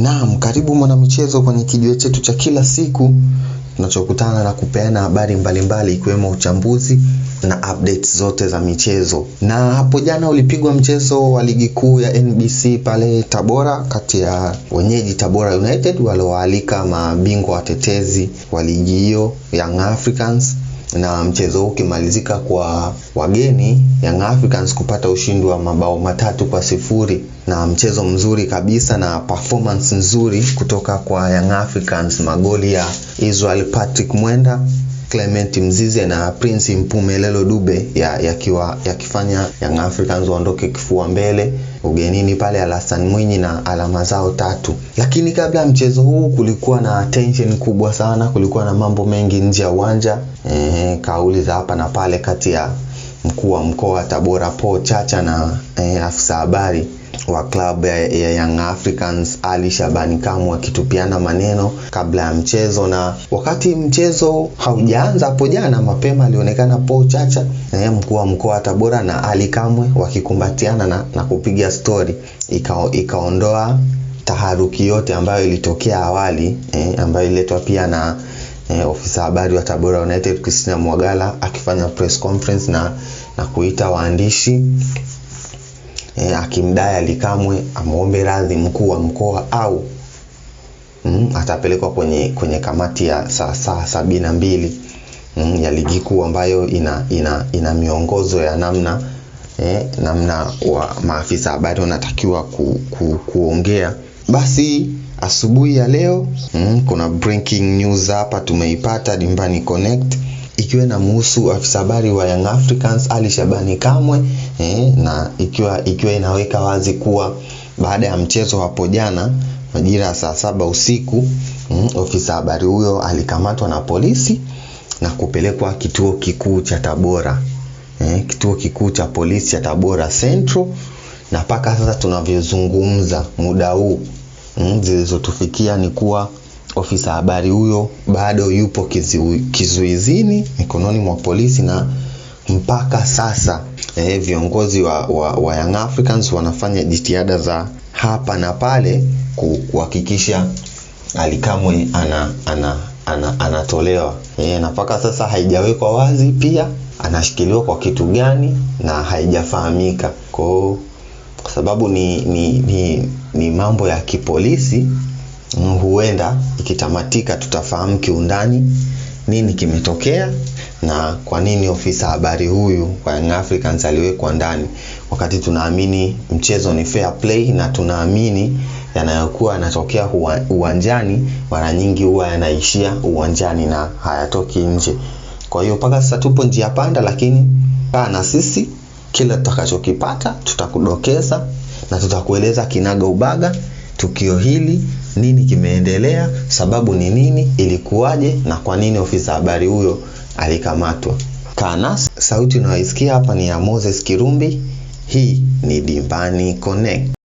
Naam, karibu mwanamichezo kwenye kijiwe chetu cha kila siku tunachokutana na kupeana habari mbalimbali ikiwemo uchambuzi na updates zote za michezo. Na hapo jana ulipigwa mchezo wa ligi kuu ya NBC pale Tabora kati ya wenyeji Tabora United walioalika mabingwa watetezi wa ligi hiyo Young Africans na mchezo huu ukimalizika kwa wageni Young Africans kupata ushindi wa mabao matatu kwa sifuri na mchezo mzuri kabisa na performance nzuri kutoka kwa Young Africans, magoli ya Israel Patrick Mwenda Clement Mzize na Prince lelo Dube yakifanya ya ya Young Africans waondoke kifua mbele ugenini pale Alasan Mwinyi na alama zao tatu. Lakini kabla ya mchezo huu kulikuwa na tension kubwa sana, kulikuwa na mambo mengi nje ya uwanja ehe, kauli za hapa na pale kati ya mkuu wa mkoa Tabora Po Chacha na e, afisa habari wa klabu ya, ya Young Africans Ali Shabani Kamwe akitupiana maneno kabla ya mchezo, na wakati mchezo haujaanza hapo jana mapema alionekana Paul Chacha na eh, yeye mkuu wa mkoa wa Tabora na Ali Kamwe wakikumbatiana na, na kupiga stori ika, ikaondoa taharuki yote ambayo ilitokea awali eh, ambayo ililetwa pia na eh, ofisa habari wa Tabora United Christina Mwagala akifanya press conference na, na kuita waandishi eh, akimdai Alikamwe amwombe radhi mkuu wa mkoa au mm, atapelekwa kwenye, kwenye kamati ya saa saa sabini na mbili mm, ya ligi kuu ambayo ina, ina, ina miongozo ya namna eh, namna wa maafisa habari wanatakiwa ku, ku, kuongea. Basi asubuhi ya leo mm, kuna breaking news hapa tumeipata Dimbani Connect ikiwa inamhusu afisa habari wa Young Africans Ali Shabani Kamwe eh, na ikiwa ikiwa inaweka wazi kuwa baada ya mchezo hapo jana majira ya saa saba usiku mm, ofisa habari huyo alikamatwa na polisi na kupelekwa kituo kikuu cha Tabora eh, kituo kikuu cha polisi cha Tabora Central, na mpaka sasa tunavyozungumza muda huu mm, zilizotufikia ni kuwa Ofisa habari huyo bado yupo kizuizini mikononi mwa polisi na mpaka sasa eh, viongozi wa, wa, wa Young Africans wanafanya jitihada za hapa na pale kuhakikisha Alikamwe ana, ana, ana, anatolewa eh, na mpaka sasa haijawekwa wazi pia anashikiliwa kwa kitu gani na haijafahamika. kwa sababu ni, ni, ni, ni mambo ya kipolisi huenda ikitamatika tutafahamu kiundani nini kimetokea na kwa nini ofisa habari huyu wa Young Africans aliwekwa ndani, wakati tunaamini mchezo ni fair play na tunaamini yanayokuwa yanatokea uwanjani mara nyingi huwa yanaishia uwanjani na hayatoki nje. Kwa hiyo mpaka sasa tupo njia panda, lakini kaa na sisi, kila tutakachokipata tutakudokeza na tutakueleza kinaga ubaga tukio hili nini kimeendelea, sababu ni nini, ilikuwaje na kwa nini ofisa habari huyo alikamatwa. kana sauti unayoisikia hapa ni ya Moses Kirumbi. Hii ni Dimbani Connect.